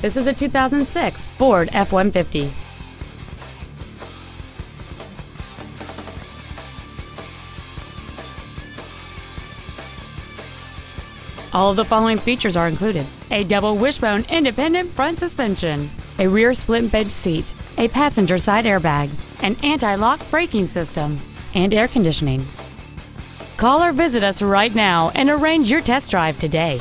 This is a 2006 Ford F-150. All of the following features are included. A double wishbone independent front suspension, a rear split bench seat, a passenger side airbag, an anti-lock braking system, and air conditioning. Call or visit us right now and arrange your test drive today.